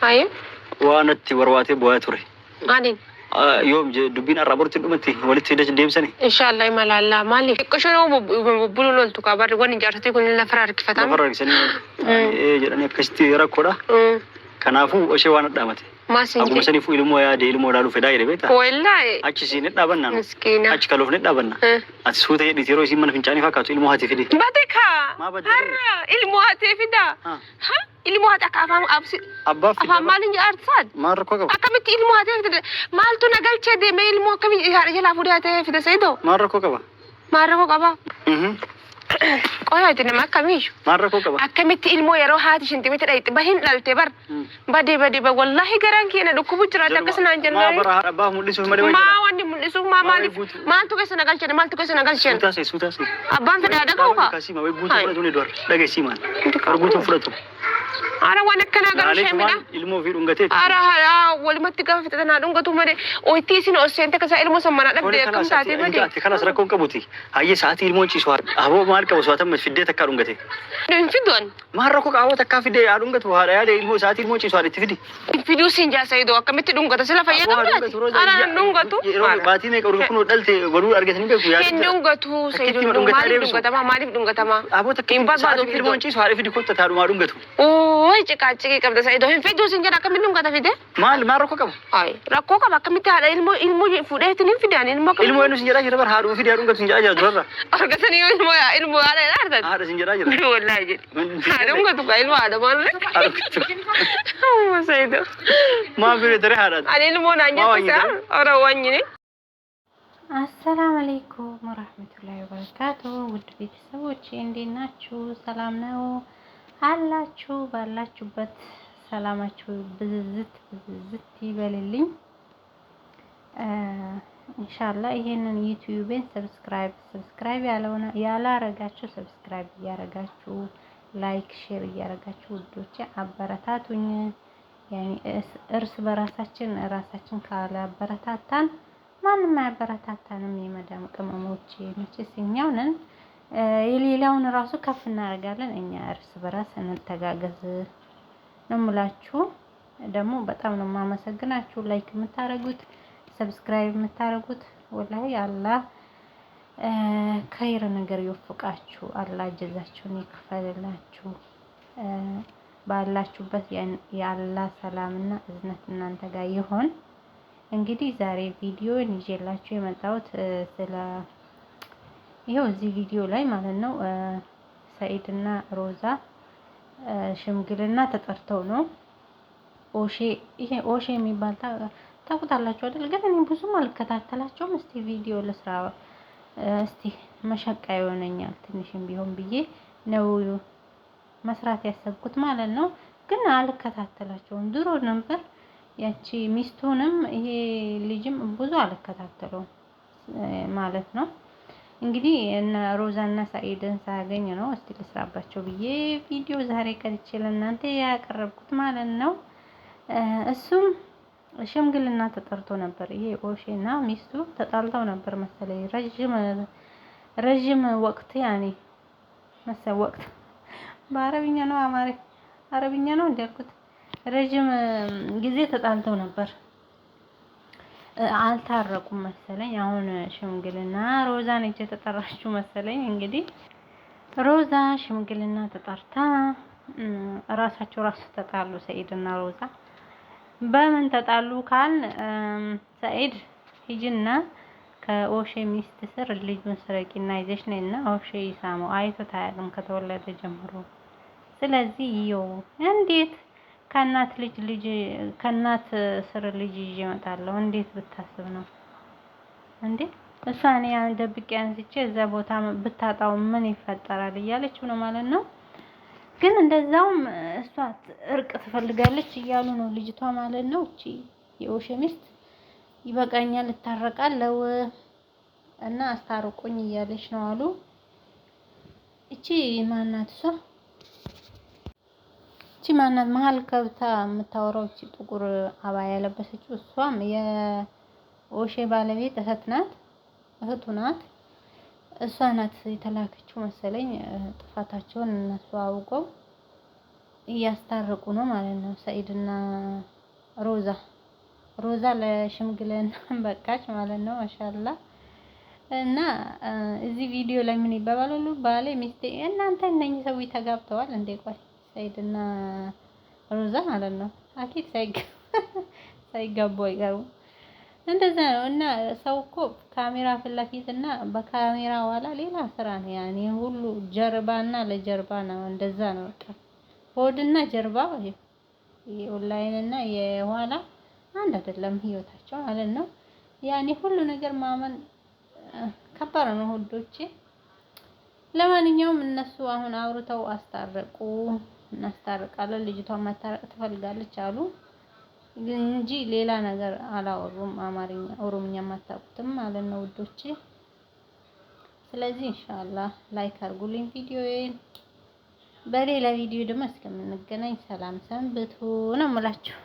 waan itti barbaatee bu'aa ture. Yoom dubbiin har'aa borti dhumatti walitti hidhachuu deemsanii. Inshaallah imalallaa maali. Qoshoo bulu loltu kaa barri waan ijaartee kun lafarraa harkifatan. Lafarraa harkisanii jedhanii akkasitti rakkoodha. Kanaafuu ishee waan dhadhaamate. Maasin jee. Akkuma saniifuu ilmoo yaade ilmoo laaluu fedhaa jedhe beektaa. Wallahi. Achi siin ni dhaabannaan. Miskiina. Achi kaloof ni dhaabanna. Ati suuta jedhiti yeroo isiin mana fincaanii fakkaatu ilmoo hatee fidee. Bate kaa. Har'a ilmoo hatee fidaa. ilmoo haadha kaafam absi afaan maaliin jaarsaad akkamitti ilmoo haadha fide maaltu nagalchee deeme ilmoo akkamii jalaa fuudhee haatee fide sayidoo maarrakoo qaba maarrakoo qaba qoyati nama akkamiishu maarrakoo qaba akkamitti ilmoo yeroo haati shintimiti dhayxi bahin dhalte bar badee badee ba wallahi garaan keenya dhukkubu jiraata akkas naan jennaan maa wanni mul'isuuf maa maaliif maaltu keessa nagalcheen maaltu keessa nagalcheen abbaan fedhaa dhaga'u kaa dhageessii maal arguutu fudhatu አረ ዋነ ከናገሩ ሸሚና ኢልሞ ፊ ዱንገቴ አረ ሀላ ወልመት ጋፍ ፍጠና ዱንገቱ መደ ኦይቲ ሲን ኦሴንተ ከሳ ኢልሞ ሰማና ደብ ደቅም ሳቲ መደ ከና ስረኮን ቀቡቲ አየ ሰዓት ኢልሞን ጪሷ አቦ ማል ቀበሷተም ፍዴ ተካ ዱንገቴ ዱን ፊዶን Maarraa koo qaawwata akka fidee yaa dhungatu haadha yaada ilmoo isaatii ilmoo ciisu haadha itti fidi. Fiduu siin jaasa idoo akkamitti dhungata sila fayyadamtaati? Anaan dhungatu. Baatii meeqa urga kunoo dhalte godhuu argatanii beeku yaada. Hin dhungatu sayyiduu maaliif dhungatamaa maaliif dhungatamaa? Abboota akka isaatii ilmoo ciisu haadha fidi kotta taadhumaa dhungatu. Ooyi ciqaa ciqii qabda sayyidoo hin fiduu siin jedha akkamitti dhungata fide? Maal maal rakkoo qabu? Ayi rakkoo qaba akkamitti haadha ilmoo ilmoo fuudhee ittiin hin fidan ilmoo qabu. Ilmoo inni siin jedhaa jira bara haadhuu fidee dhungatu siin jedhaa jira durarra. Argatanii ilmoo ilmoo haadha jedhaa argatan. Haadha siin jedhaa jira. Wallaahi jedhi. አሰላም አለይኩም ወራህመቱላሂ ወበረካቱ ውድ ቤተሰቦች እንዴት ናችሁ? ሰላም ነው አላችሁ? ባላችሁበት ሰላማችሁ ብዝዝት ብዝዝት ይበልልኝ። ኢንሻአላ ይሄንን ዩቲዩብን ሰብስክራይብ ሰብስክራይብ ያላረጋችሁ ሰብስክራይብ እያረጋችሁ ላይክ ሼር እያደረጋችሁ ውዶቼ አበረታቱኝ። እርስ በራሳችን ራሳችን አበረታታን ማንም አያበረታታንም። የመዳም ቅመሞች መቼስ እኛው ነን። የሌላውን ራሱ ከፍ እናደርጋለን። እኛ እርስ በራስ እንተጋገዝ ነው ምላችሁ ደግሞ በጣም ነው የማመሰግናችሁ ላይክ የምታደርጉት ሰብስክራይብ የምታደርጉት ወላሂ አላህ ከይር ነገር ይወፍቃችሁ። አላህ ጀዛችሁን ይክፈልላችሁ። ባላችሁበት የአላህ ሰላምና እዝነት እናንተ ጋር ይሆን። እንግዲህ ዛሬ ቪዲዮን ይዤላችሁ የመጣሁት ስለ ይኸው እዚህ ቪዲዮ ላይ ማለት ነው ሰኢድ እና ሮዛ ሽምግልና ተጠርተው ነው ኦሼ ይሄ ኦሼ የሚባል ታውቁታላችሁ አይደል? ግን እኔ ብዙም አልከታተላቸውም። እስቲ ቪዲዮ ለስራ እስቲ መሸቃ ይሆነኛል ትንሽም ቢሆን ብዬ ነው መስራት ያሰብኩት ማለት ነው። ግን አልከታተላቸውም። ድሮ ነበር ያቺ ሚስቱንም ይሄ ልጅም ብዙ አልከታተለውም ማለት ነው። እንግዲህ እነ ሮዛና ሳኢድን ሳያገኝ ነው እስቲ ልስራባቸው ብዬ ቪዲዮ ዛሬ ቀርጬ ለእናንተ ያቀረብኩት ማለት ነው። እሱም ሽምግልና ተጠርቶ ነበር። ይሄ ኦሼ እና ሚስቱ ተጣልተው ነበር መሰለኝ ረዥም ረዥም ወቅት ያኔ መሰል ወቅት በአረብኛ ነው አማሪ አረብኛ ነው እንዲያልኩት ረዥም ጊዜ ተጣልተው ነበር። አልታረቁም መሰለኝ። አሁን ሽምግልና ሮዛ ነች የተጠራችው መሰለኝ። እንግዲህ ሮዛ ሽምግልና ተጠርታ ራሳቸው ራሱ ተጣሉ ሰኢድና ሮዛ በምን ተጣሉ ካል ሰኢድ ሂጅና ከኦሼ ሚስት ስር ልጁን ስረቂና ይዘሽ ነይና ኦሼ ይሳመው አይቶት አያውቅም ከተወለደ ጀምሮ። ስለዚህ ይው እንዴት ከእናት ልጅ ልጅ ከእናት ስር ልጅ ይዤ እመጣለሁ እንዴት ብታስብ ነው እንዴ? እሷ እኔ ደብቄ አንስቼ እዛ ቦታ ብታጣው ምን ይፈጠራል እያለች ነው ማለት ነው። ግን እንደዛውም እሷ እርቅ ትፈልጋለች እያሉ ነው ልጅቷ ማለት ነው። እቺ የውሽ ሚስት ይበቃኛል፣ እታረቃለሁ እና አስታርቁኝ እያለች ነው አሉ። እቺ ማናት እሷ እቺ ማናት መሀል ከብታ የምታወራው እቺ ጥቁር አባ ያለበሰችው እሷም የውሼ ባለቤት እህት ናት፣ እህቱ ናት። እሷ ናት የተላከችው መሰለኝ። ጥፋታቸውን እነሱ አውቀው እያስታረቁ ነው ማለት ነው። ሰኢድና ሮዛ ሮዛ ለሽምግልና በቃች ማለት ነው። ማሻላ እና እዚህ ቪዲዮ ላይ ምን ይባባል ባለ ሚስቴ እናንተ እነኚህ ሰው ተጋብተዋል እንዴ? ቆይ ሰኢድና ሮዛ ማለት ነው። አኪት ሳይጋቡ አይቀሩም። እንደዛ ነው እና ሰው እኮ ካሜራ ፊት ለፊት እና በካሜራ ኋላ ሌላ ስራ ነው። ያኔ ሁሉ ጀርባና ለጀርባ ነው። እንደዛ ነው በቃ ሆድና ጀርባ የኦንላይን እና የኋላ አንድ አይደለም ህይወታቸው ማለት ነው። ያኔ ሁሉ ነገር ማመን ከባድ ነው ውዶቼ። ለማንኛውም እነሱ አሁን አውርተው አስታረቁ። እናስታርቃለን ልጅቷን ማታረቅ ትፈልጋለች አሉ። እንጂ ሌላ ነገር አላወሩም። አማርኛ ኦሮምኛ አታውቁትም ማለት ነው ውዶቼ። ስለዚህ ኢንሻአላህ ላይክ አድርጉልኝ ቪዲዮዬን። በሌላ ቪዲዮ ደግሞ እስከምንገናኝ ሰላም ሰንብቱ ነው የምላችሁ።